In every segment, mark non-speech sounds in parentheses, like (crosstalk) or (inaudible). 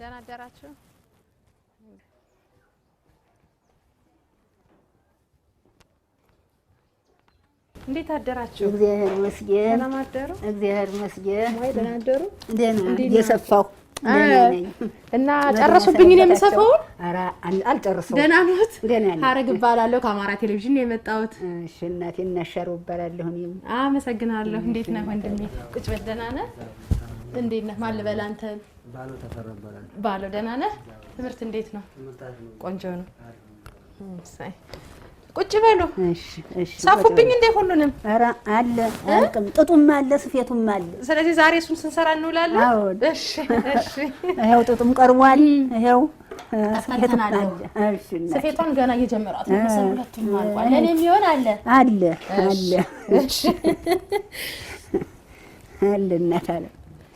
ደህና አደራችሁ። እንዴት አደራችሁ? እግዚአብሔር ይመስገን። አደሩ። እግዚአብሔር ይመስገን። ወይ ደህና አደሩ። ደህና እየሰፋሁ እና ጨረሱብኝ። እኔ የምሰፋውን አልጨርሰውም። ደህና ነዎት? ሀረግ እባላለሁ ከአማራ ቴሌቪዥን ነው የመጣሁት። እሺ እናቴ፣ እናሸረው እባላለሁ። እኔም አመሰግናለሁ። እንዴት ነህ ወንድሜ? ቁጭ በል። ደህና ነህ? እንዴት ነህ? ማን ልበል አንተን? ባለው ተፈራ እባላለሁ። ባለው ደህና ነህ? ትምህርት እንዴት ነው? ቆንጆ ነው። እሰይ ቁጭ በሉ። እሺ እሺ። ሳፉብኝ እንዴ ሁሉንም? ኧረ አለ አልቅም፣ ጥጡም አለ ስፌቱም አለ። ስለዚህ ዛሬ እሱን ስንሰራ እንውላለን። አዎ። እሺ፣ እሺ። ይኸው ጥጡም ቀርቧል። ይኸው ስፌቷን ገና እየጀመሯት ነው። ሁለቱም አልቋል። ለእኔ የሚሆን አለ አለ አለ አለ እናት አለ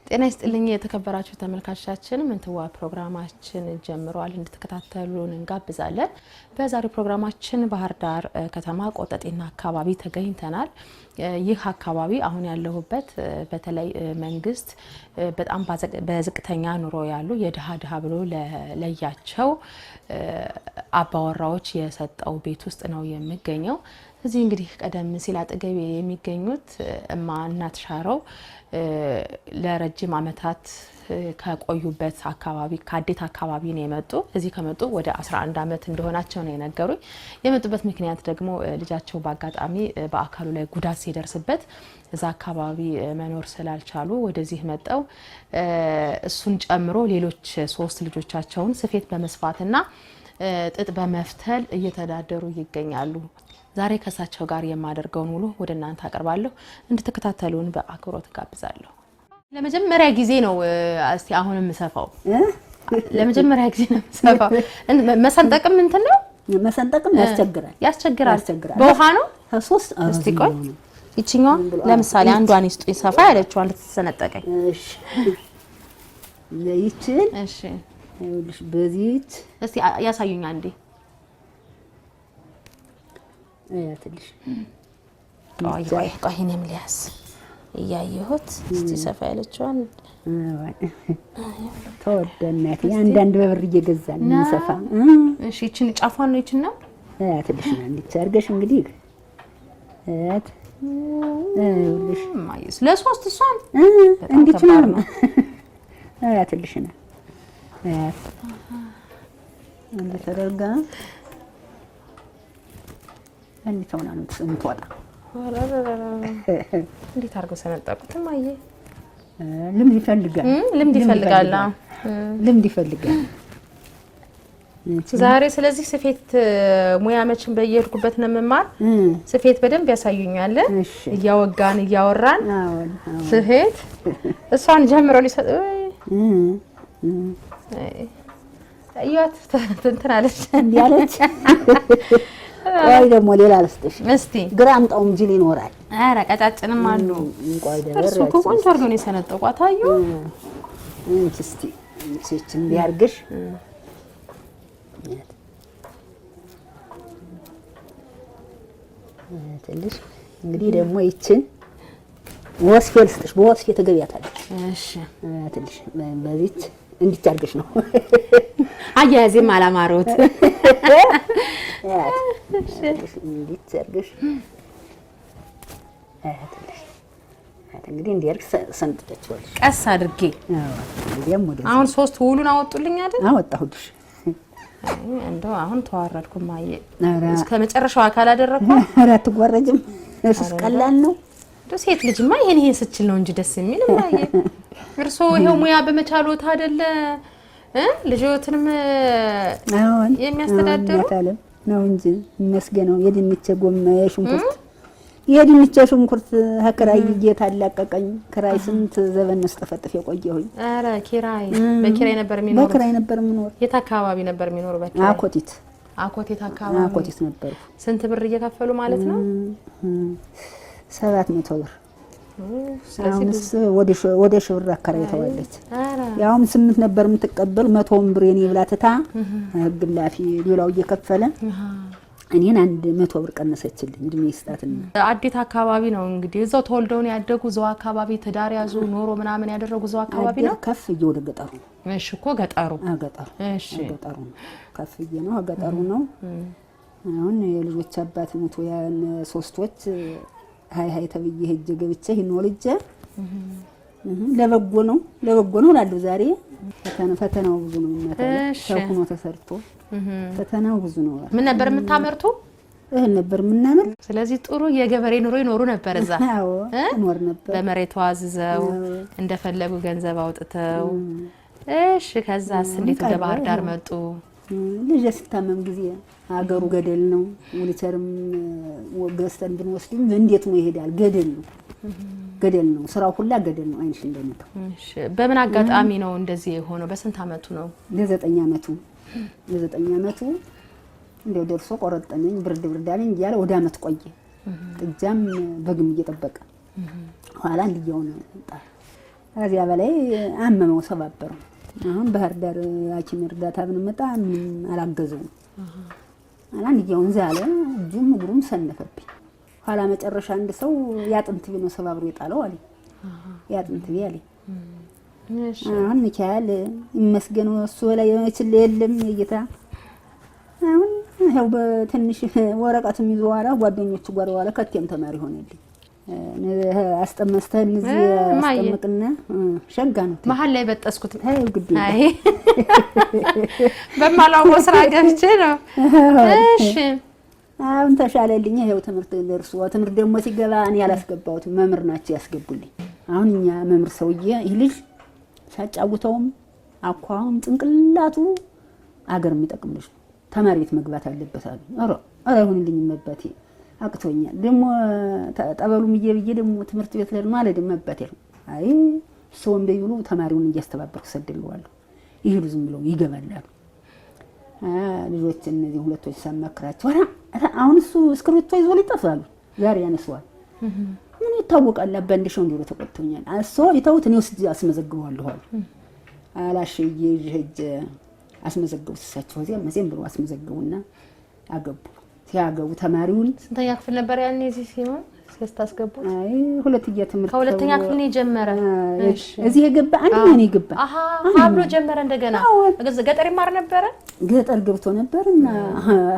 ጤና ይስጥልኝ የተከበራችሁ ተመልካቾቻችን፣ ምንትዋ ፕሮግራማችን ጀምሯል። እንድትከታተሉን እንጋብዛለን። በዛሬው ፕሮግራማችን ባህር ዳር ከተማ ቆጠጤና አካባቢ ተገኝተናል። ይህ አካባቢ አሁን ያለሁበት በተለይ መንግስት በጣም በዝቅተኛ ኑሮ ያሉ የድሃ ድሃ ብሎ ለለያቸው አባወራዎች የሰጠው ቤት ውስጥ ነው የሚገኘው። እዚህ እንግዲህ ቀደም ሲል አጠገቤ የሚገኙት እማ እናት ሻረው ለረጅም ዓመታት ከቆዩበት አካባቢ ከአዴት አካባቢ ነው የመጡ። እዚህ ከመጡ ወደ 11 ዓመት እንደሆናቸው ነው የነገሩኝ። የመጡበት ምክንያት ደግሞ ልጃቸው በአጋጣሚ በአካሉ ላይ ጉዳት ሲደርስበት እዛ አካባቢ መኖር ስላልቻሉ ወደዚህ መጠው እሱን ጨምሮ ሌሎች ሶስት ልጆቻቸውን ስፌት በመስፋትና ጥጥ በመፍተል እየተዳደሩ ይገኛሉ። ዛሬ ከእሳቸው ጋር የማደርገውን ውሎ ወደ እናንተ አቀርባለሁ። እንድትከታተሉን በአክብሮት ጋብዛለሁ። ለመጀመሪያ ጊዜ ነው እስቲ አሁን የምሰፋው። ለመጀመሪያ ጊዜ ነው የምሰፋው። መሰንጠቅም እንትን ነው መሰንጠቅም ያስቸግራል፣ ያስቸግራል። በውሃ ነው ሶስት እስቲ ቆይ ይችኛ ለምሳሌ አንዷን ይስጡ ይሰፋ ያለችዋን ልትሰነጠቀኝ። ይችን እሺ፣ እስቲ ትንሽ ቆይ ቆይ እያየሁት እስቲ ሰፋ ያለችዋን ተወደናት የአንዳንድ በብር እየገዛን ሰፋ ይችን ጫፏን ነው ይችን ነው ትንሽ ናንዲች አድርገሽ እንግዲህ ለሶስት እሷን እንዲች ነው ትንሽ ናት ተደርጋ እንዴት ሆና የምትወጣ? እንዴት አድርገው ሰነጠቁት? እማዬ ልምድ ይፈልጋል፣ ልምድ ይፈልጋል፣ ልምድ ይፈልጋል። ዛሬ ስለዚህ ስፌት ሙያ መችን በየሄድኩበት ነው የምማር። ስፌት በደንብ ያሳዩኛል። እያወጋን እያወራን ስፌት እሷን ጀምሮ ሊሰጥ እያት እንትን አለች ቆይ ደግሞ ሌላ ልስጥሽ። እስቲ ጣውም ጅል ይኖራል። ኧረ ቀጫጭንም አሉ። እሱ እኮ ቆንጆ አድርገው ነው የሰነጠቋት። ታዩ እንቺ እስቲ ሴች እንዲያርግሽ ትንሽ እንግዲህ ደግሞ ይችን ወስፌ ልስጥሽ። በወስፌ ተገቢያታለሽ። እሺ ትንሽ በዚች እንድታርገሽ ነው። አያያዜም አላማረውት እንድታርገሽ እንግዲህ እንዲያርግ ሰንጥቻቸዋለሁ። ቀስ አድርጌ አሁን ሶስት ውሉን አወጡልኝ አይደል? አወጣሁልሽ። እንደው አሁን ተዋረድኩ ማየ እስከ መጨረሻው አካል አደረግኩ። ኧረ አትጓረጅም። እሱስ ቀላል ነው። ሴት ልጅማ ይሄን ይሄን ስችል ነው እንጂ ደስ የሚል እንዳየ እርሶ ይሄው ሙያ በመቻሎት አይደለ ልጆትንም የሚያስተዳድሩ ነው እንጂ ይመስገነው። የድንቼ ጎመ የሽንኩርት የድንቼ ሽንኩርት ከኪራይ ይጌታ አላቀቀኝ። ኪራይ ስንት ዘበን ነው ስጠፈጥፍ የቆየሁኝ። ኧረ ኪራይ በኪራይ ነበር የሚኖር በክራይ ነበር የሚኖር። የት አካባቢ ነበር የሚኖር? በኪራይ አኮቲት አኮቲት አካባቢ አኮቲት ነበር። ስንት ብር እየከፈሉ ማለት ነው? ሰባት መቶ ብር አሁንስ ወደ ሺህ ብር አከራይ ያውም ስምንት ነበር የምትቀበል መቶውን ብር የኔ ብላ ትታ ህግ ሌላው እየከፈለ እኔን አንድ መቶ ብር ቀነሰችልኝ። እድሜ ይስጣትና አዴት አካባቢ ነው እንግዲህ እዛው ተወልደውን ያደጉ እዛው አካባቢ ትዳር ያዙ ኖሮ ምናምን ያደረጉ እዛው አካባቢ ነው። ከፍ እየ ወደ ገጠሩ ነው። እሺ እኮ ገጠሩ ገጠሩ ገጠሩ ነው። ከፍ እየ ነው ገጠሩ ነው። አሁን የልጆች አባት ሞቶ ያን ሶስቶች ሀይ ሀይ ተብዬ ሄጄ ገብቼ ይኖርጀ ለበጎ ነው ለበጎ ነው እላለሁ። ዛሬ ፈተናው ብዙ ነው። ተኩኖ ተሰርቶ ፈተናው ብዙ ነው። ምን ነበር የምታመርቱ? እህል ነበር የምናመርት። ስለዚህ ጥሩ የገበሬ ኑሮ ይኖሩ ነበር እዛ (laughs) ኖር ነበር። በመሬቷ አዝዘው እንደፈለጉ ገንዘብ አውጥተው። እሺ ከዛስ እንዴት ወደ ባህር ዳር መጡ? ልጅ ስታመም ጊዜ አገሩ ገደል ነው። ዊልቸርም ገዝተን ብንወስድም እንዴት ነው ይሄዳል? ገደል ነው፣ ገደል ነው። ስራው ሁላ ገደል ነው። አይንሽ እንደምታው። በምን አጋጣሚ ነው እንደዚህ የሆነው? በስንት አመቱ ነው? ለዘጠኝ አመቱ ለዘጠኝ አመቱ እንደው ደርሶ ቆረጠነኝ፣ ብርድ ብርድ አለኝ እያለ ወደ አመት ቆየ። ጥጃም በግም እየጠበቀ ኋላ እንዲያውነ ጣ ከዚያ በላይ አመመው፣ ሰባበረው አሁን ባህር ዳር ሐኪም እርዳታ ብንመጣ ምንም አላገዘውም። አንድያውን ዛለ እጁም እግሩም ሰነፈብኝ። ኋላ መጨረሻ አንድ ሰው ያጥንት ቤ ነው ሰባብሮ የጣለው አለ። ያጥንት ቤ አለ። አሁን ሚካኤል ይመስገን እሱ ላይ የችል የለም የጌታ አሁን ያው በትንሽ ወረቀትም ይዘዋላ ጓደኞች ጓር ዋላ ከቴም ተማሪ ሆነልኝ። አስጠመስተን እዚህ አስጠመቅና ሸጋ ነው። መሀል ላይ በጠስኩት (laughs) በማላውቀው ስራ ገብቼ ነው። እሺ አሁን ተሻለልኝ። ይኸው ትምህርት ደርሶ ትምህርት ደግሞ ሲገባ እኔ አላስገባሁትም፣ መምህር ናቸው ያስገቡልኝ። አሁን እኛ መምህር ሰውዬ ይህ ልጅ ሳጫውተውም አኳሁን ጭንቅላቱ አገር የሚጠቅም ልጅ ተማሪ ቤት መግባት አለበት አሉ። ኧረ ኧረ ይሁንልኝ መባቴ አቅቶኛል። ደግሞ ጠበሉ ምዬ ብዬ ደግሞ ትምህርት ቤት ለድ ማለት መበት ያለው አይ ሰው እንደ ይሉ ተማሪውን እያስተባበርኩ ሰድልዋለሁ። ይሄዱ ዝም ብለው ይገመላሉ። ልጆች እነዚህ ሁለቶች ሳማክራቸው አሁን እሱ እስክሪብቶ ይዞ ሊጠፋ አሉ ዛሬ ያነሰዋል። ምን ይታወቃል? አባንድ ሸው እንዲሮ ተቆጥቶኛል። እሱ ይተውት እኔ ውስጥ አስመዘግበዋለሁ አሉ። አላሽዬ ሂጅ አስመዘገቡት እሳቸው እዚያ መዜም ብሎ አስመዘግቡና አገቡ። ሲያገቡ ተማሪውን ስንተኛ ክፍል ነበር ያኔ እዚህ ሲሆን ስታስገቡት? አይ ትምህርት ከሁለተኛ ክፍል ነው የጀመረ። እዚህ የገባ አንደኛ ነው የገባ። አሃ አብሮ ጀመረ እንደገና። ገጠር ይማር ነበረ፣ ገጠር ገብቶ ነበር እና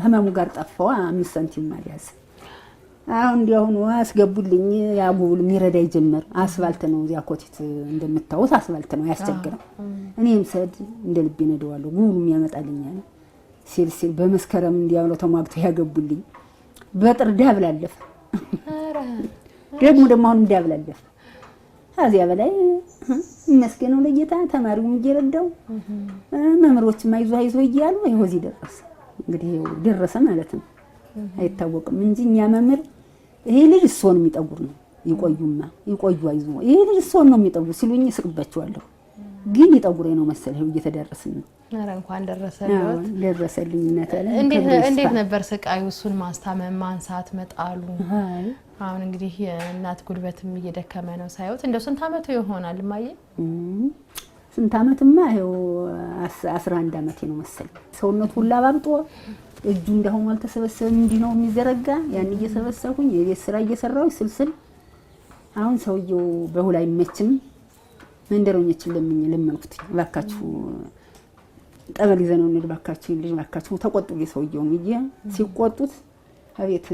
ህመሙ ጋር ጠፋው። አምስት ሳንቲም አልያዘ። አሁን እንዲያሁኑ አስገቡልኝ። ያጉብል የሚረዳ ይጀምር። አስፋልት ነው እዚያ ኮቲት እንደምታዩት አስፋልት ነው ያስቸግረው። እኔም ሰድ እንደ ልቤ ነደዋለሁ። ጉብሉ የሚያመጣልኝ ነው ሲል ሲል በመስከረም እንዲያምለው ተሟግተው ያገቡልኝ በጥር ዳብላለፈ ደግሞ ደግሞ አሁንም ዳብላለፈ። ከዚያ በላይ ይመስገነው ለጌታ ተማሪውም እየረዳው መምህሮችም አይዞ አይዞ እያሉ ይኸው እዚህ ደረሰ። እንግዲህ ደረሰ ማለት ነው። አይታወቅም እንጂ እኛ መምህር ይሄ ልጅ እሶን የሚጠጉር ነው። ይቆዩማ ይቆዩ አይዞ ይሄ ልጅ እሶን ነው የሚጠጉር ሲሉኝ እስቅባቸዋለሁ። ግን የጠጉሬ ነው መሰለህ እየተደረስን ነው። ኧረ እንኳን ደረሰልኝ። እንዴት ነበር ስቃዩ? እሱን ማስታመም፣ ማንሳት፣ መጣሉ። አሁን እንግዲህ የእናት ጉልበትም እየደከመ ነው ሳይወት። እንደው ስንት አመቱ ይሆናል እማዬ? ስንት አመትማ ይኸው አስራ አንድ አመቴ ነው መሰለኝ። ሰውነቱ ሁላ ባብጦ እጁ እንዳሁኑ አልተሰበሰብም፣ እንዲህ ነው የሚዘረጋ። ያን እየሰበሰብኩኝ የቤት ስራ እየሰራሁኝ ስልስል። አሁን ሰውየው በሁላ አይመችም መንደረኞችን ለምኝ ለመንኩት። እባካችሁ ጠበል ይዘነው እንሂድ፣ እባካችሁ ልጅ፣ እባካችሁ ተቆጡ። ሰውየውን ይየ ሲቆጡት አቤት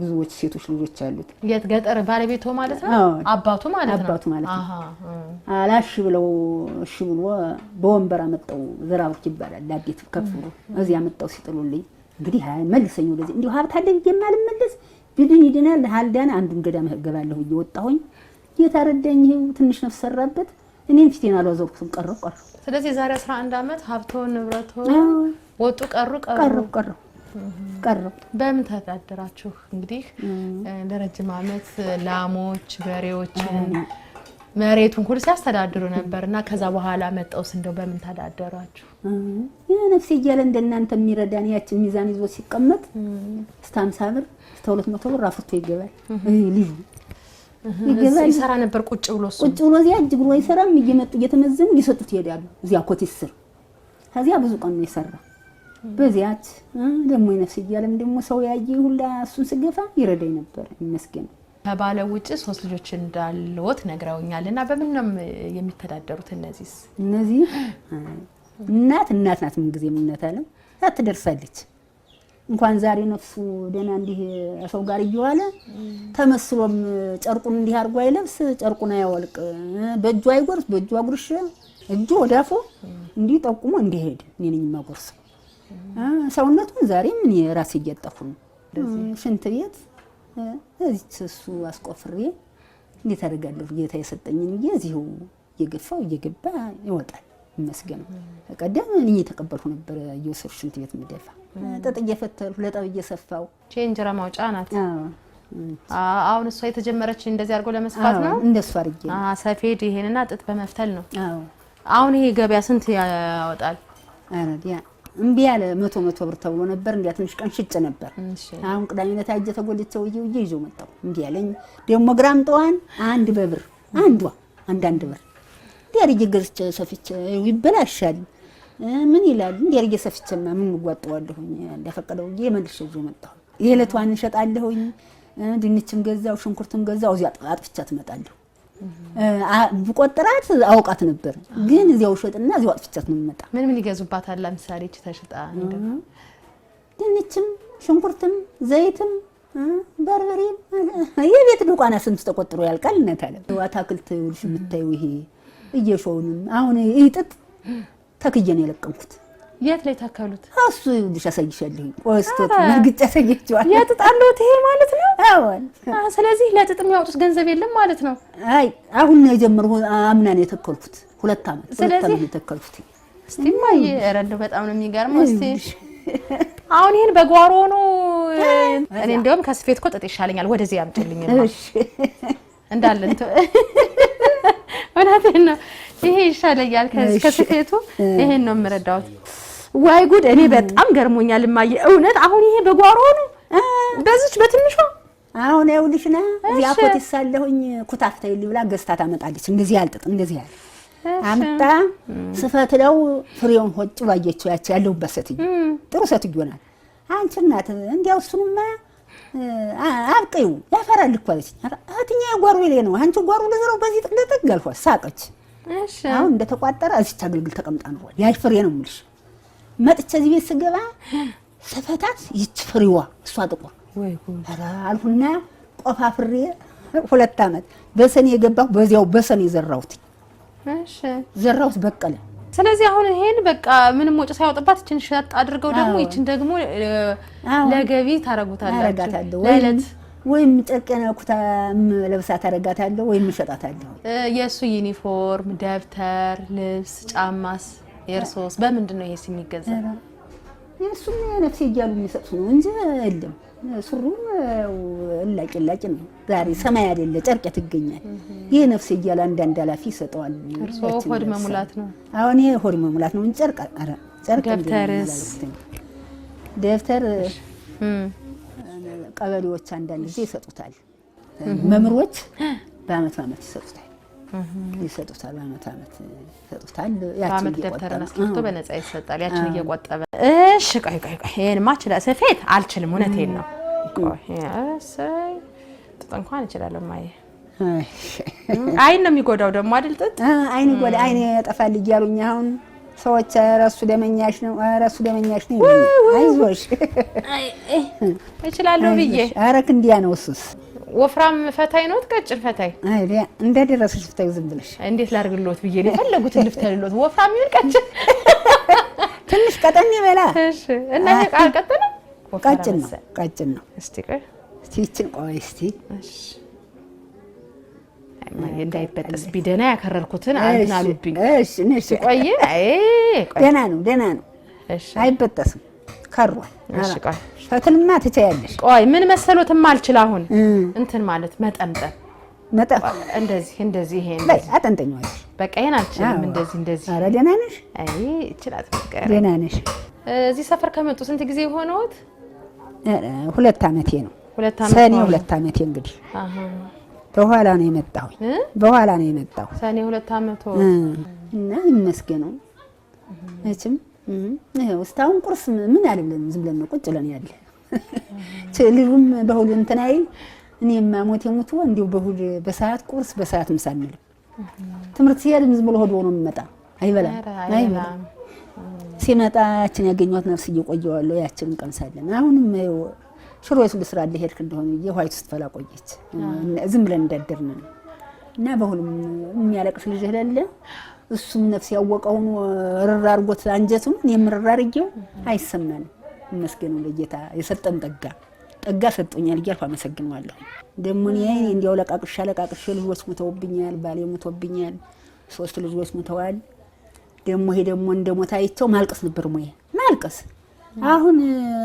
ብዙዎች ሴቶች ልጆች አሉት። የት ገጠር ባለቤቶ ማለት ነው አባቱ ማለት ነው አባቱ ማለት ነው። አላሽ ብለው እሺ ብሎ በወንበር አመጣው። ዘራብክ ይባላል ዳቤት ከፍ ብሎ እዚህ አመጣው ሲጥሉልኝ፣ እንግዲህ መልሰኝ ወደዚህ እንዲሁ ሀብት አለ ብዬ የማልመለስ ብድን ይድናል፣ ሀልዳን አንዱን ገዳም እገባለሁ እየወጣሁኝ የታረዳኝ ይሄው ትንሽ ነፍስ ሰራበት። እኔም ፊቴን አላዞርኩትም። ቀረሁ ቀረሁ። ስለዚህ የዛሬ 11 አመት ሀብቶን ንብረቶ ወጡ ቀሩ ቀሩ ቀሩ ቀሩ። በምን ተዳደራችሁ? እንግዲህ ለረጅም አመት ላሞች፣ በሬዎችን፣ መሬቱን ሁሉ ሲያስተዳድሩ ነበር እና ከዛ በኋላ መጣውስ እንደው በምን ተዳደራችሁ? ነፍሴ እያለ እንደናንተ የሚረዳን ያችን ሚዛን ይዞ ሲቀመጥ እስከ 50 ብር እስከ 200 ብር አፍርቶ ይገባል ልዩ ይገባል። ይሰራ ነበር ቁጭ ብሎ እሱ ቁጭ ብሎ እዚያ እጅ ብሎ አይሰራም። እየመጡ እየተመዘኑ እየሰጡት ይሄዳሉ። እዚያ ኮቴስ ስር ከዚያ ብዙ ቀን ነው የሰራ። በዚያች ደግሞ ይነፍስ እያለም ደግሞ ሰው ያየ ሁላ እሱን ስገፋ ይረዳኝ ነበር። ይመስገን። ከባለ ውጭ ሶስት ልጆች እንዳለዎት ነግረውኛል። እና በምን ነው የሚተዳደሩት? እነዚህስ እነዚህ እናት እናት ናት። ምንጊዜም እናት አለም ትደርሳለች እንኳን ዛሬ ነፍሱ ደህና እንዲህ ሰው ጋር እየዋለ ተመስሎም ጨርቁን እንዲህ አድርጎ አይለብስ፣ ጨርቁን አያወልቅ፣ በእጁ አይጎርስ፣ በእጁ አጉርሽ እጁ ወዳፎ እንዲህ ጠቁሞ እንዲሄድ እኔ ነኝ የማጎርሰው። ሰውነቱን ዛሬ ምን ራሴ እያጠፉ ነው። ሽንት ቤት እዚህ እሱ አስቆፍሬ እንዴት አደርጋለሁ? ጌታ የሰጠኝን ጊዜ እዚሁ እየገፋው እየገባ ይወጣል። ይመስገነው ቀደም እኔ እየተቀበልኩ ነበር እየወሰድኩ ሽንት ቤት የምደፋ ጥጥ እየፈተልኩ ለጠብ እየሰፋው እንጀራ ማውጫ ናት። አሁን እሷ የተጀመረች እንደዚህ አድርጎ ለመስፋት ነው። እንደሱ አድርጌ ሰፌድ ይሄንና ጥጥ በመፍተል ነው። አሁን ይሄ ገበያ ስንት ያወጣል? እምቢ ያለ መቶ መቶ ብር ተብሎ ነበር። እንዲያ ትንሽ ቀን ሽጭ ነበር። አሁን ቅዳሜ ዕለት አጀ ተጎልቸው እየውዬ ይዞ መጣው። እምቢ ያለኝ ደግሞ ግራም ጠዋን አንድ በብር አንዷ አንዳንድ ብር እንዲያ አድርጌ ገዝቼ ሰፍቼ ይበላሻል ምን ይላል እንዴ? አድርጌ ሰፍቼማ ምን እጓጠዋለሁኝ? እንደፈቀደው ጊዜ መልሼ ይዤ መጣሁ። የዕለቷን እንሸጣለሁኝ። ድንችም ገዛው፣ ሽንኩርትም ገዛው። እዚያ አጥፍቻ ትመጣለሁ። ብቆጥራት አውቃት ነበር፣ ግን እዚያው እሸጥና እዚያው አጥፍቻት ነው የምመጣ። ምን ምን ይገዙባታል? ለምሳሌ እቺ ተሽጣ ድንችም፣ ሽንኩርትም፣ ዘይትም፣ በርበሬም የቤት ድቋና ስንት ተቆጥሮ ያልቃል። እናት አለ አታክልት ውልሽ ብታዩ ይሄ እየሾውንም አሁን ይጥጥ ተክዬን የለቀምኩት። የት ላይ ተከሉት? እሱ ይኸውልሽ አሳይሻለሁ። ቆስቶት መርግጫ አሳየችዋል። የጥጥ ይሄ ማለት ነው። አዎን። ስለዚህ ለጥጥ የሚያወጡት ገንዘብ የለም ማለት ነው። አይ አሁን ነው የጀመርኩ። አምና ነው የተከልኩት። ሁለት ዓመት ሁለት ዓመት የተከልኩት። እስቲ ማየ ረንዱ በጣም ነው የሚገርመው። እስቲ አሁን ይሄን በጓሮ ነው። እኔ እንደውም ከስፌት እኮ ጥጥ ይሻለኛል። ወደዚህ አምጪልኝ እንዳለ (laughs) እውነቴን ነው ይሄ ይሻለኛል ከስፌቱ ይሄን ነው የምረዳሁት። ዋይ ጉድ! እኔ በጣም ገርሞኛል ማየ እውነት አሁን ይሄ በጓሮ ነው በዚች በትንሿ አሁን ይኸውልሽ ና እዚህ አኮቴ ሳለሁኝ ኩታፍታ ይልኝ ብላ ገዝታ ታመጣለች። እንደዚህ ያልጥጥ እንደዚህ ያለ አምጣ ስፈትለው ፍሬውን ሆጭ ባየችው ያች ያለሁበት ሴትዮ ጥሩ ሴትዮ ናት። አንቺ እናት እንዲያው እሱንማ አብቅዩ ያፈራል እኮ አለችኝ። እህትኛ የጓሮ የሌ ነው አንቺ ጓሩ ልዝረው በዚህ ጥቅልጥቅ አልኳት። ሳቀች አሁን እንደተቋጠረ እዚች አገልግል ተቀምጣ ነው ያች ፍሬ ነው የምልሽ። መጥቼ እዚህ ቤት ስገባ ስፈታት ይች ፍሬዋ እሷ ጥቁር አልሁና ቆፋ ፍሬ ሁለት ዓመት በሰኔ የገባሁ በዚያው በሰኔ ዘራሁት ዘራሁት በቀለ። ስለዚህ አሁን ይሄን በቃ ምንም ወጪ ሳያወጥባት ይችን ሸጥ አድርገው ደግሞ ይችን ደግሞ ለገቢ ታረጉታላችሁ ለዕለት ወይም ጨርቄን ኩታም ለብሳት አደርጋታለሁ ወይም እሸጣታለሁ። የእሱ ዩኒፎርም፣ ደብተር፣ ልብስ፣ ጫማስ የእርሶስ በምንድን ነው ይሄስ የሚገዛ? የእሱም ነፍሴ እያሉ የሚሰጡ ነው እንጂ የለም። ሱሩ እላጭ ላጭ ነው። ዛሬ ሰማይ አይደለ ጨርቅ ትገኛል። ይህ ነፍሴ እያለ አንዳንድ ኃላፊ ይሰጠዋል። ሆድ መሙላት ነው። አሁን ይሄ ሆድ መሙላት ነው ጨርቅ ጨርቅ ደብተርስ ደብተር ቀበሌዎች አንዳንድ ጊዜ ይሰጡታል። መምሮች በአመት አመት ይሰጡታል ይሰጡታል በአመት አመት ይሰጡታል። በአመት ደብተርና እስክሪብቶ በነፃ ይሰጣል። ያችን እየቆጠበ እሺ። ቆይ ቆይ ቆይ ይሄንማ እችላለሁ። ስፌት አልችልም፣ እውነቴን ነው። ቆይ ጥጥ እንኳን እችላለሁ። ማየ አይን ነው የሚጎዳው ደግሞ አይደል? ጥጥ አይን ይጎዳ አይን ያጠፋል እያሉኝ አሁን ሰዎች ረሱ ደመኛሽ ነው፣ ረሱ ደመኛሽ ነው ይሉኛል። አይዞሽ እችላለሁ ብዬ አረክ እንዲያ ነው። እሱስ ወፍራም ፈታይ ነው ቀጭን ፈታይ? አይ እንደ ደረሰሽ ፈታይ ዝም ብለሽ እንዴት ላድርግልዎት ብዬ ነው የፈለጉትን ልፍታልልዎት። ወፍራም ይሁን ቀጭን፣ (laughs) ትንሽ ቀጠን ይበላ። እሺ እና ይሄ ቃል ነው ቀጭን ነው፣ ቀጭን ነው። እስቲ ቆይ እስቲ ቆይ እስቲ እሺ እንዳይበጠስ ቢደና ያከረርኩትን አንተን አሉብኝ። ቆይ ነው ነው፣ አይበጠስም። ከሯል ትቻያለሽ። ቆይ ምን መሰሎትም አልችል አሁን እንትን ማለት መጠምጠም እንደዚህ እንደዚህ ይሄ አጠንጠኛዋለሽ። በቃ ይሄን አልችልም። እንደዚህ እንደዚህ። ኧረ ደህና ነሽ? አይ ደህና ነሽ? እዚህ ሰፈር ከመጡ ስንት ጊዜ ሆነዎት? ሁለት ዓመቴ ነው። ሁለት ሰኔ ሁለት ዓመቴ እንግዲህ በኋላ ነው የመጣው። በኋላ ነው የመጣው ሰኔ ሁለት አመት እና ይመስገነው እችም ይኸው እስካሁን ቁርስ ምን አልብለንም፣ ዝም ብለን ነው ቁጭ ብለን ያለ ልጁም በሁሉ እንትን አይል እኔማ ሞት የሞቱ እንዲሁ በሁሉ በሰዓት ቁርስ በሰዓት ምሳ አንልም። ትምህርት ሲሄድም ዝም ብሎ ሆዶ ነው የሚመጣ አይበላም አይበላም። ሲመጣ ያችን ያገኘኋት ነፍስ እየቆየዋለሁ ያችን እንቀምሳለን አሁንም ሽሮ የቱ ልስራ ልሄድክ እንደሆነ የዋይት ስትፈላ ቆየች። ዝም ብለን እንዳደርን ነው እና በሁሉም የሚያለቅስ ልጅ ለለ እሱም ነፍስ ያወቀውን ርር አድርጎት አንጀቱን እኔም ርር አድርጌው አይሰማንም። እመስገኑ ለጌታ የሰጠን ጠጋ ጠጋ ሰጦኛል እያልኩ አመሰግነዋለሁ። ደግሞ እኔ እንዲያው ለቃቅሽ ለቃቅሽ ልጆች ሙተውብኛል፣ ባሌ ሙተውብኛል፣ ሶስት ልጆች ሙተዋል። ደግሞ ይሄ ደግሞ እንደሞታ አይቸው ማልቀስ ነበር ሙዬ ማልቀስ አሁን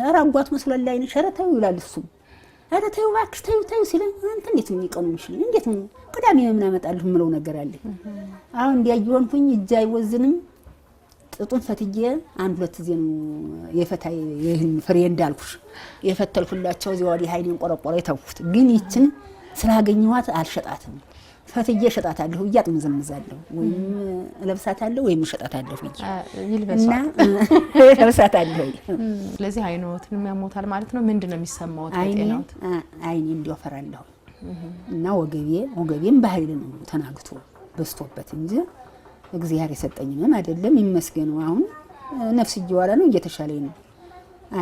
አራጓት መስሏል ላይ ነሽ ኧረ ተይው ይላል እሱም ኧረ ተይው እባክሽ ተይው ተይው ሲለኝ አንተ እንዴት ነው የሚቀኑ የሚችል እንዴት ነው ቅዳሜ ምን አመጣለሁ የምለው ነገር አለ። አሁን እንዲያ እየሆንኩኝ እጅ አይወዝንም። ጥጡን ፈትጄ አንድ ሁለት ጊዜ ነው የፈታ ይህን ፍሬ እንዳልኩሽ የፈተልኩላቸው እዚያ ወዲህ ሀይኔን ቆረቆረ የተውኩት ግን ይችን ስላገኘኋት አልሸጣትም። ፈትዬ እሸጣታለሁ እያጥመዘምዛለሁ ወይም እለብሳታለሁ ወይም እሸጣታለሁ እና (laughs) እለብሳታለሁ። ስለዚህ አይኖትን ያሞታል ማለት ነው። ምንድን ነው የሚሰማው? አይኔ እንዲወፈራለሁ እና ወገቤ ወገቤም በኃይል ነው ተናግቶ በስቶበት እንጂ እግዚአብሔር የሰጠኝንም አይደለም ይመስገኑ። አሁን ነፍስ እየዋለ ነው እየተሻለኝ ነው።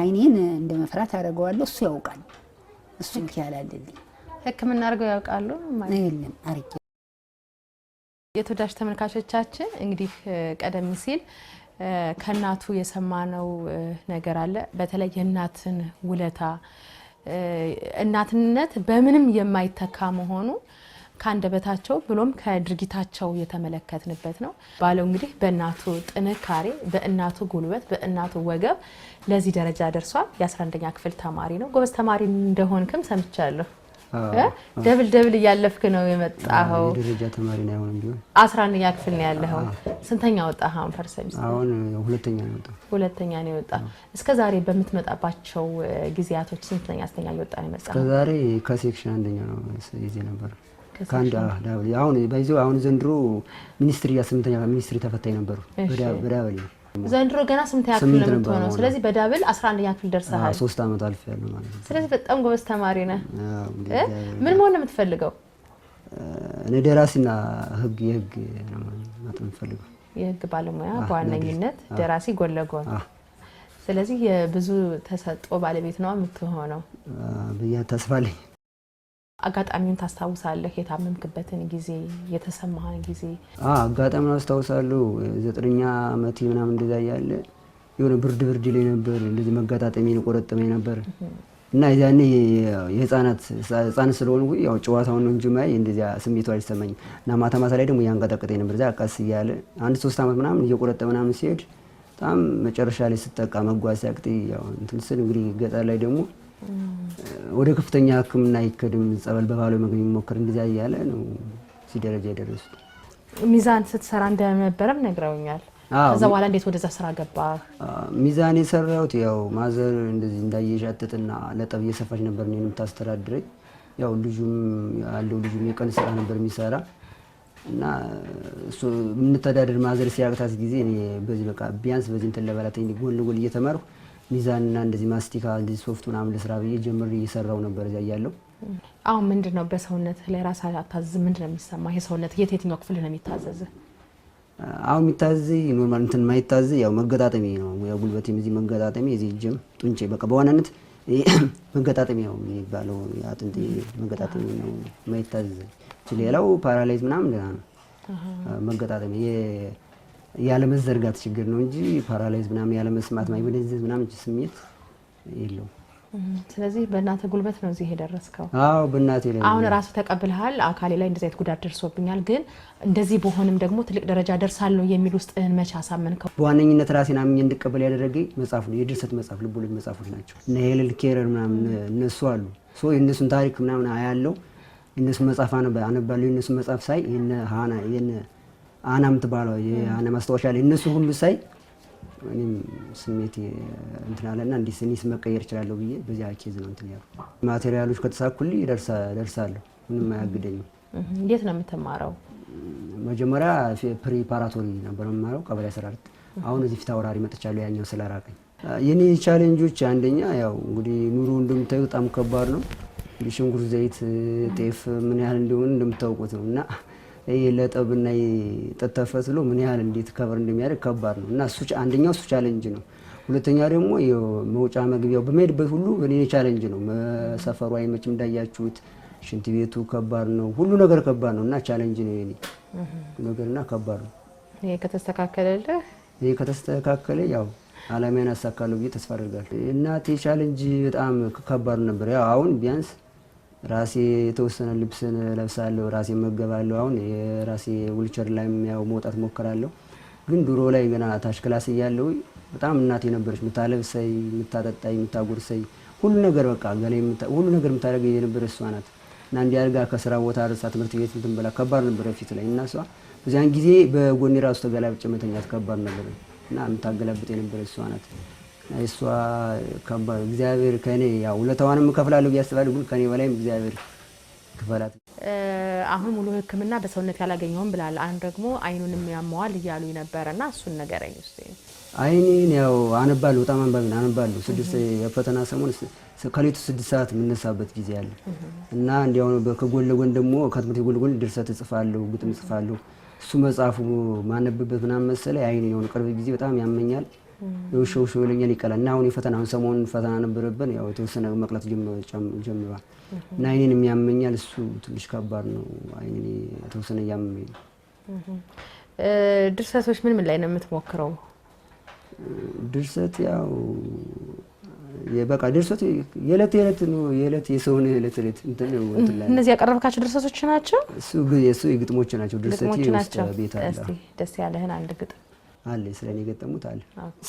አይኔን እንደ መፍራት አደርገዋለሁ። እሱ ያውቃል። እሱ ያላልልኝ ሕክምና አድርገው ያውቃሉ። የለም አርጌ የተወዳጅ ተመልካቾቻችን እንግዲህ ቀደም ሲል ከእናቱ የሰማነው ነገር አለ። በተለይ የእናትን ውለታ እናትነት በምንም የማይተካ መሆኑ ከአንደበታቸው ብሎም ከድርጊታቸው የተመለከትንበት ነው። ባለው እንግዲህ በእናቱ ጥንካሬ፣ በእናቱ ጉልበት፣ በእናቱ ወገብ ለዚህ ደረጃ ደርሷል። የ11ኛ ክፍል ተማሪ ነው። ጎበዝ ተማሪ እንደሆንክም ሰምቻለሁ። ደብል ደብል እያለፍክ ነው የመጣኸው። ደረጃ ተማሪ ነው አሁን ቢሆን አስራ አንደኛ ክፍል ነው ያለኸው። ስንተኛ ወጣ? አሁን ፈርሰ አሁን ሁለተኛ ነው ወጣ ሁለተኛ ነው የወጣ። እስከ ዛሬ በምትመጣባቸው ጊዜያቶች ስንተኛ አስተኛ እየወጣ ነው የመጣ? እስከ ዛሬ ከሴክሽን አንደኛ ነው ይዜ ነበር ከአንድ አሁን ባይዘው አሁን ዘንድሮ ሚኒስትሪ ያ ስምንተኛ ሚኒስትሪ ተፈታኝ ነበሩ በዳብል ነው ዘንድሮ ገና ስምንተኛ ክፍል ነው የምትሆነው። ስለዚህ በዳብል አስራ አንደኛ ክፍል ደርሰሃል። ሶስት አልፍ ያለ ማለት ነው። ስለዚህ በጣም ጎበዝ ተማሪ ነህ። ምን መሆን ነው የምትፈልገው? እኔ ደራሲና ህግ የህግ ነው ማለት የምፈልገው። የህግ ባለሙያ በዋነኝነት ደራሲ ጎን ለጎን ስለዚህ የብዙ ተሰጥኦ ባለቤት ነው የምትሆነው ብዬ ተስፋ አለኝ። አጋጣሚውን ታስታውሳለህ? የታመምክበትን ጊዜ የተሰማህን ጊዜ? አጋጣሚውን አስታውሳለሁ። ዘጠነኛ ዓመት ምናምን እንደዛ እያለ የሆነ ብርድ ብርድ ላይ ነበር፣ እንደዚህ መጋጣጠሚ ቆረጠመኝ ነበር እና የዛኔ የህፃናት ህፃን ስለሆኑ ያው ጨዋታውን ነው እንጂ ማይ እንደዚያ ስሜቱ አይሰማኝም። እና ማታ ማታ ላይ ደግሞ እያንቀጠቀጠኝ ነበር። እዛ ቀስ እያለ አንድ ሶስት ዓመት ምናምን እየቆረጠ ምናምን ሲሄድ በጣም መጨረሻ ላይ ስጠቃ መጓዝ ሲያቅጥ ያው እንትን ስል እንግዲህ ገጠር ላይ ደግሞ ወደ ከፍተኛ ሕክምና ይከድም ጸበል በባህላዊ መንገድ የሚሞከር እንደዚያ እያለ ነው እዚህ ደረጃ የደረሱት። ሚዛን ስትሰራ እንደነበረም ነግረውኛል። ከዛ በኋላ እንዴት ወደዛ ስራ ገባ? ሚዛን የሰራሁት ያው ማዘር እንደዚህ እንዳየሻጥጥና ለጠብ እየሰፋች ነበር እኔን የምታስተዳድረኝ። ያው ልጁም ያለው ልጁም የቀን ስራ ነበር የሚሰራ እና እሱ የምንተዳደር ማዘር ሲያቅታት ጊዜ እኔ በዚህ በቃ ቢያንስ በዚህ እንትን ለበላተኝ ጎን ለጎን እየተማርኩ ሚዛንና እንደዚህ ማስቲካ እንደዚህ ሶፍት ምናምን ልስራ ብዬ ጀምር እየሰራው ነበር እዚያ እያለሁ። አሁን ምንድን ነው በሰውነት ላይ ራስ አታዝዝ? ምንድን ነው የሚሰማ? የሰውነት የት የትኛው ክፍል ነው የሚታዘዝ? አሁን የሚታዘዝ ኖርማል እንትን የማይታዘዝ ያው መገጣጠሚ ነው። ያው ጉልበት እዚህ መገጣጠሚ የዚህ እጅም ጡንቼ በቃ በዋናነት (coughs) መገጣጠሚ ነው የሚባለው አጥንት መገጣጠሚ ነው የማይታዘዝ። ሌላው ፓራላይዝ ምናምን ደህና ነው መገጣጠሚ ያለመዘርጋት ችግር ነው እንጂ ፓራላይዝ ምናምን ያለመስማት ማይበደዝ ምናምን ስሜት የለው። ስለዚህ በእናተ ጉልበት ነው እዚህ የደረስከው? አዎ በእናቴ ላይ። አሁን ራሱ ተቀብልሃል። አካሌ ላይ እንደዚህ አይነት ጉዳት ደርሶብኛል፣ ግን እንደዚህ በሆንም ደግሞ ትልቅ ደረጃ ደርሳለሁ የሚል ውስጥህን መቼ አሳመንከው? በዋነኝነት ራሴን አምኜ እንድቀበል ያደረገኝ መጽሐፍ ነው። የድርሰት መጽሐፍ ልቦለድ መጽሐፎች ናቸው እና ሄለል ኬረር ምናምን እነሱ አሉ። የእነሱን ታሪክ ምናምን አያለው። የእነሱ መጽሐፍ አነባለሁ። የእነሱ መጽሐፍ ሳይ የነ ሀና የነ አና የምትባለው የአና ማስታወሻ ላይ እነሱ ሁሉ ሳይ እኔም ስሜት እንትን አለና እንዲህ መቀየር እችላለሁ ብዬ በዚያ ኬዝ ነው እንትን ያሉ ማቴሪያሎች ከተሳኩልኝ ደርሳለሁ። ምንም አያግደኝም። እንዴት ነው የምትማረው? መጀመሪያ ፕሪፓራቶሪ ነበር የምማረው ቀበሌ አሰራርት። አሁን እዚህ ፊት አውራሪ መጥቻለሁ። ያኛው ስለራቀኝ የኔ ቻሌንጆች አንደኛ ያው እንግዲህ ኑሮ እንደምታዩ በጣም ከባድ ነው። ሽንኩርት፣ ዘይት፣ ጤፍ ምን ያህል እንደሆነ እንደምታውቁት ነው እና ይህ ለጠብና ጥጥ ምን ያህል እንዴት ከበር እንደሚያደርግ ከባድ ነው እና አንደኛው እሱ ቻለንጅ ነው። ሁለተኛው ደግሞ መውጫ መግቢያው በመሄድበት ሁሉ እኔ ቻለንጅ ነው። ሰፈሩ አይመችም፣ እንዳያችሁት ሽንት ቤቱ ከባድ ነው። ሁሉ ነገር ከባድ ነው እና ቻለንጅ ነው የኔ ነገርና ከባድ ነው። ይሄ ከተስተካከለልህ ይሄ ከተስተካከለ ያው አላማዬን አሳካለሁ ብዬ ተስፋ አደርጋለሁ። እናቴ ቻለንጅ በጣም ከባድ ነበር። ያው አሁን ቢያንስ ራሴ የተወሰነ ልብስን ለብሳለሁ፣ ራሴ መገባለሁ። አሁን የራሴ ውልቸር ላይ ያው መውጣት ሞክራለሁ። ግን ድሮ ላይ ገና ታች ክላስ እያለሁ በጣም እናቴ ነበረች የምታለብሰኝ፣ የምታጠጣኝ፣ የምታጎርሰኝ ሁሉ ነገር በቃ ገና ሁሉ ነገር የምታደርግ የነበረ እሷ ናት። እና እንዲህ አድርጋ ከስራ ቦታ ርሳ ትምህርት ቤት ምትንበላ ከባድ ነበረ ፊት ላይ እና እሷ በዚያን ጊዜ በጎኔ ራሱ ተገላብጬ መተኛት ከባድ ነበረ እና የምታገላብጥ የነበረ እሷ ናት። እሷ ከባድ እግዚአብሔር ከኔ ያው ሁለታዋንም እከፍላለሁ ብያስባለሁ፣ ግን ከኔ በላይም እግዚአብሔር ክፈላት። አሁን ሙሉ ሕክምና በሰውነት ያላገኘውም ብላል። አሁን ደግሞ አይኑንም ያመዋል እያሉ ነበረ ነበረና እሱን ነገረኝ ስ አይኔን ያው አነባለሁ፣ በጣም አንባቢ አነባለሁ። ስድስት የፈተና ሰሞን ከሌቱ ስድስት ሰዓት የምነሳበት ጊዜ አለ እና እንዲያው ከጎን ለጎን ደግሞ ከትምህርት ጎን ለጎን ድርሰት እጽፋለሁ፣ ግጥም እጽፋለሁ። እሱ መጽሐፉ ማነብበት ምናምን መሰለ አይኔ የሆነ ቅርብ ጊዜ በጣም ያመኛል ውሽ ውሽ ይለኛል ይቀላል። እና አሁን የፈተናውን ሰሞን ፈተና ነበረብን፣ ያው የተወሰነ መቅላት ጀምሯል። እና አይኔን የሚያመኛል እሱ ትንሽ ከባድ ነው። አይኔ የተወሰነ እያመመኝ ድርሰቶች ምን ምን ላይ ነው የምትሞክረው? ድርሰት ያው በቃ ድርሰት የዕለት የዕለት ነው። የዕለት የሰውን የዕለት ዕለት እንትን ነው። እነዚህ ያቀረብካቸው ድርሰቶች ናቸው? እሱ ግን እሱ የግጥሞች ናቸው። ድርሰት ውስጥ ቤት አለ። ደስ ያለህን አንድ ግጥም አለ ስለ እኔ የገጠሙት አለ።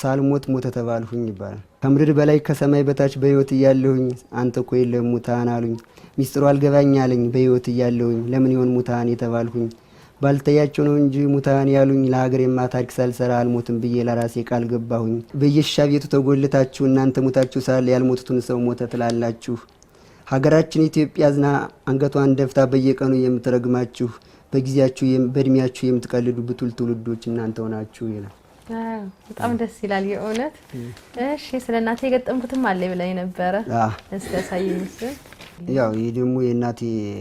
ሳልሞት ሞተ ተባልሁኝ ይባላል። ከምድር በላይ ከሰማይ በታች በህይወት እያለሁኝ አንተ እኮ የለም ሙታን አሉኝ። ሚስጥሩ አልገባኝ አለኝ በህይወት እያለሁኝ ለምን ይሆን ሙታን የተባልሁኝ? ባልታያቸው ነው እንጂ ሙታን ያሉኝ የማ ታሪክ ሳልሰራ አልሞትም ብዬ ለራሴ ቃል ገባሁኝ። በየሻ ቤቱ ተጎልታችሁ እናንተ ሙታችሁ ሳለ ያልሞቱትን ሰው ሞተ ትላላችሁ። ሀገራችን ኢትዮጵያ ዝና አንገቷን ደፍታ በየቀኑ የምትረግማችሁ በጊዜያችሁ በእድሜያችሁ የምትቀልዱ ብቱል ትውልዶች እናንተ ሆናችሁ ይላል። በጣም ደስ ይላል የእውነት። እሺ ስለ እናቴ የገጠምኩትም አለ ብላኝ ነበረ። እስቲ ያሳየኝ። ያው ይህ ደግሞ የእናቴ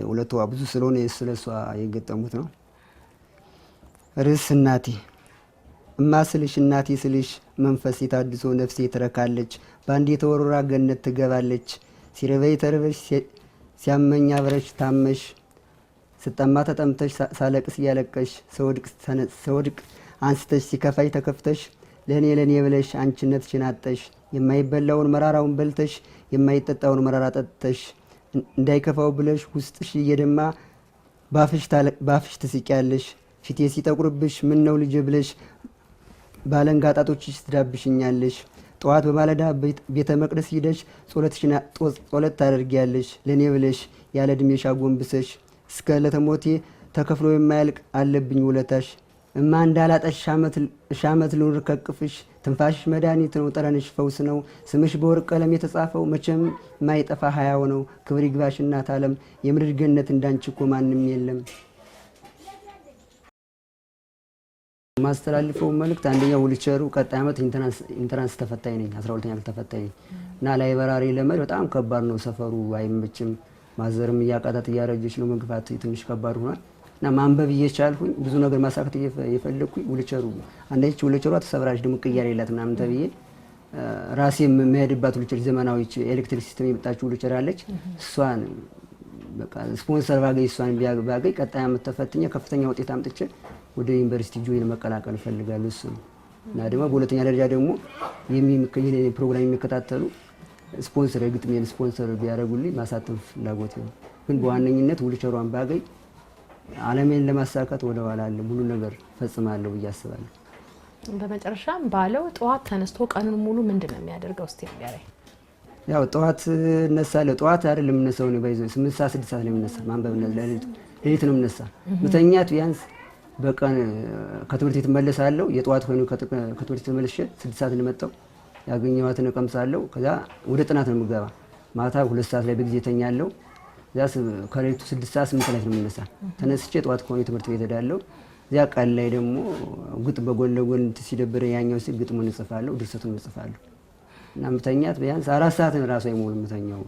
ውለቷ ብዙ ስለሆነ ስለ እሷ የገጠሙት ነው። ርዕስ እናቴ እማ ስልሽ እናቴ ስልሽ መንፈስ የታድሶ ነፍሴ ትረካለች፣ በአንድ የተወሮራ ገነት ትገባለች። ሲረበይ ተርበሽ ሲያመኝ አብረሽ ታመሽ ስጠማ ተጠምተሽ፣ ሳለቅስ እያለቀሽ፣ ሰወድቅ አንስተሽ፣ ሲከፋይ ተከፍተሽ፣ ለእኔ ለእኔ ብለሽ አንችነት አጠሽ፣ የማይበላውን መራራውን በልተሽ፣ የማይጠጣውን መራራ ጠጥተሽ፣ እንዳይከፋው ብለሽ ውስጥሽ እየደማ ባፍሽ ትስቂያለሽ። ፊቴ ሲጠቁርብሽ ምን ነው ልጄ ብለሽ ባለንጋ ጣቶችሽ ትዳብሽኛለሽ። ጠዋት በማለዳ ቤተ መቅደስ ሂደሽ ጸሎት ታደርጊያለሽ። ለእኔ ብለሽ ያለ ዕድሜሽ አጎንብሰሽ እስከ ለተሞቴ ተከፍሎ የማያልቅ አለብኝ ውለታሽ እማ እንዳላጠሽ ሻመት ልኑር ከቅፍሽ ትንፋሽሽ መድኃኒት ነው ጠረንሽ ፈውስ ነው ስምሽ በወርቅ ቀለም የተጻፈው መቼም ማይጠፋ ሀያው ነው ክብር ይግባሽ እናት ዓለም የምድር ገነት እንዳንቺ እኮ ማንም የለም። ማስተላልፈው መልእክት አንደኛ ውልቸሩ ቀጣይ ዓመት ኢንተራንስ ተፈታኝ ነኝ፣ አስራ ሁለተኛ ተፈታኝ ነኝ እና ላይበራሪ ለመድ በጣም ከባድ ነው። ሰፈሩ አይመችም። ማዘርም እያቃታት እያረጀች ነው። መግፋት ትንሽ ከባድ ሆኗል እና ማንበብ እየቻልኩኝ ብዙ ነገር ማሳክት እየፈለግኩኝ ውልቸሩ አንዳች ውልቸሯ ተሰብራች ድምቅ ቅያር የላት ምናምን ተብዬ ራሴ የምሄድባት ውልቸር ዘመናዊ ኤሌክትሪክ ሲስተም የመጣችው ውልቸር አለች። እሷን ስፖንሰር ባገኝ እሷን ባገኝ ቀጣይ የምተፈትኘ ከፍተኛ ውጤት አምጥቼ ወደ ዩኒቨርሲቲ ጆይን መቀላቀል እፈልጋለሁ። እሱ ነው እና ደግሞ በሁለተኛ ደረጃ ደግሞ ፕሮግራም የሚከታተሉ ስፖንሰር የግጥሜን ስፖንሰር ቢያደርጉልኝ ማሳተም ፍላጎት ነው። ግን በዋነኝነት ውልቸሯን ባገኝ አለሜን ለማሳካት ወደ ኋላ አለም ሁሉ ነገር ፈጽማለሁ ብዬ አስባለሁ። በመጨረሻም ባለው ጠዋት ተነስቶ ቀኑን ሙሉ ምንድን ነው የሚያደርገው? እስቲ ንገረኝ። ያው ጠዋት እነሳለሁ። ጠዋት አይደለም የምነሳው ነው ባይዘ ስምንት ሰዓት ስድስት ሰዓት ነው የምነሳ። ማንበብ ሌሊት ነው የምነሳ። ምተኛት ቢያንስ በቀን ከትምህርት ቤት እመለሳለሁ። የጠዋት ሆኑ ከትምህርት ቤት ተመልሼ ስድስት ሰዓት እንመጣው ያገኘኋትን እቀምሳለሁ። ከዛ ወደ ጥናት ነው የምገባ። ማታ ሁለት ሰዓት ላይ በጊዜ ተኛለሁ። እዛ ከሌሊቱ ስድስት ሰዓት ስምንት ላይ ነው የምነሳ። ተነስቼ ጠዋት ከሆነ ትምህርት ቤት ሄዳለሁ። እዚያ ቃል ላይ ደግሞ ግጥም በጎን ለጎን ሲደብረ ያኛው ሲል ግጥሙን እጽፋለሁ፣ ድርሰቱን እጽፋለሁ እና ምተኛት ቢያንስ አራት ሰዓት ነው ራሱ አይሞሉ ምተኛው።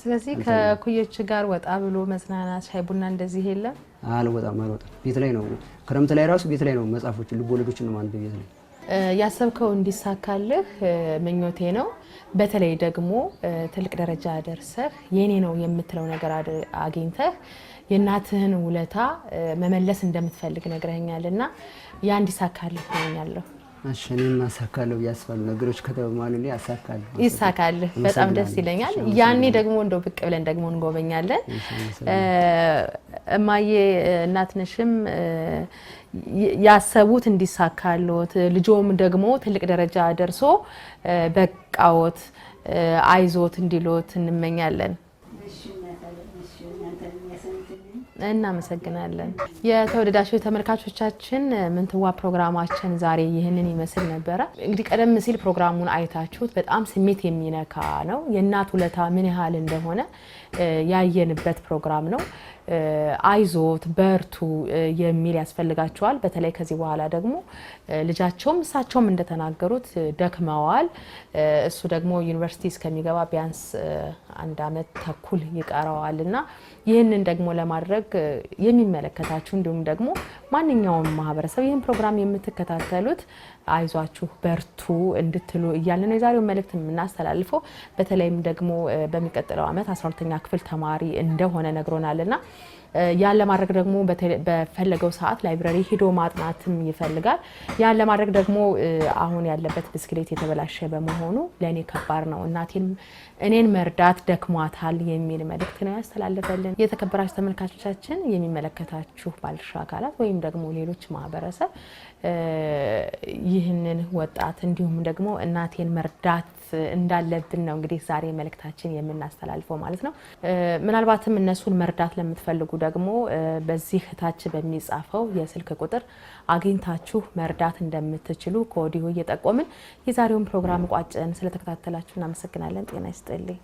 ስለዚህ ከኩዮች ጋር ወጣ ብሎ መዝናናት ሻይ ቡና እንደዚህ የለም? አልወጣም፣ አልወጣም። ቤት ላይ ነው ክረምት ላይ ራሱ ቤት ላይ ነው መጽሐፎችን ልቦለዶችን ነው ማንበብ ቤት ላይ ያሰብከው እንዲሳካልህ ምኞቴ ነው። በተለይ ደግሞ ትልቅ ደረጃ ደርሰህ የኔ ነው የምትለው ነገር አግኝተህ የእናትህን ውለታ መመለስ እንደምትፈልግ ነግረኛል እና ያ እንዲሳካልህ ሆኛለሁ። እኔም አሳካለሁ ብዬ ነገሮች ከተማሉ አሳካለሁ፣ ይሳካልህ። በጣም ደስ ይለኛል። ያኔ ደግሞ እንደው ብቅ ብለን ደግሞ እንጎበኛለን። እማዬ እናትነሽም ያሰቡት እንዲሳካሎት ልጆም ደግሞ ትልቅ ደረጃ ደርሶ በቃዎት አይዞት እንዲሎት እንመኛለን። እናመሰግናለን። የተወደዳችሁ ተመልካቾቻችን ምንትዋ ፕሮግራማችን ዛሬ ይህንን ይመስል ነበረ። እንግዲህ ቀደም ሲል ፕሮግራሙን አይታችሁት በጣም ስሜት የሚነካ ነው። የእናት ውለታ ምን ያህል እንደሆነ ያየንበት ፕሮግራም ነው። አይዞት በርቱ የሚል ያስፈልጋቸዋል። በተለይ ከዚህ በኋላ ደግሞ ልጃቸውም እሳቸውም እንደተናገሩት ደክመዋል። እሱ ደግሞ ዩኒቨርሲቲ እስከሚገባ ቢያንስ አንድ አመት ተኩል ይቀረዋል እና ይህንን ደግሞ ለማድረግ የሚመለከታችሁ እንዲሁም ደግሞ ማንኛውም ማህበረሰብ ይህን ፕሮግራም የምትከታተሉት አይዟችሁ በርቱ እንድትሉ እያለ ነው የዛሬውን መልእክት የምናስተላልፈው። በተለይም ደግሞ በሚቀጥለው ዓመት 12ኛ ክፍል ተማሪ እንደሆነ ና ያን ለማድረግ ደግሞ በፈለገው ሰዓት ላይብረሪ ሂዶ ማጥናትም ይፈልጋል። ያን ለማድረግ ደግሞ አሁን ያለበት ብስክሌት የተበላሸ በመሆኑ ለእኔ ከባድ ነው፣ እናቴን እኔን መርዳት ደክሟታል የሚል መልእክት ነው ያስተላለፈልን። የተከበራችሁ ተመልካቾቻችን የሚመለከታችሁ ባለድርሻ አካላት ወይም ደግሞ ሌሎች ማህበረሰብ ይህንን ወጣት እንዲሁም ደግሞ እናቴን መርዳት እንዳለብን ነው እንግዲህ ዛሬ መልእክታችን የምናስተላልፈው ማለት ነው። ምናልባትም እነሱን መርዳት ለምትፈልጉ ደግሞ በዚህ ታች በሚጻፈው የስልክ ቁጥር አግኝታችሁ መርዳት እንደምትችሉ ከወዲሁ እየጠቆምን የዛሬውን ፕሮግራም ቋጭን። ስለተከታተላችሁ እናመሰግናለን። ጤና ይስጥልኝ።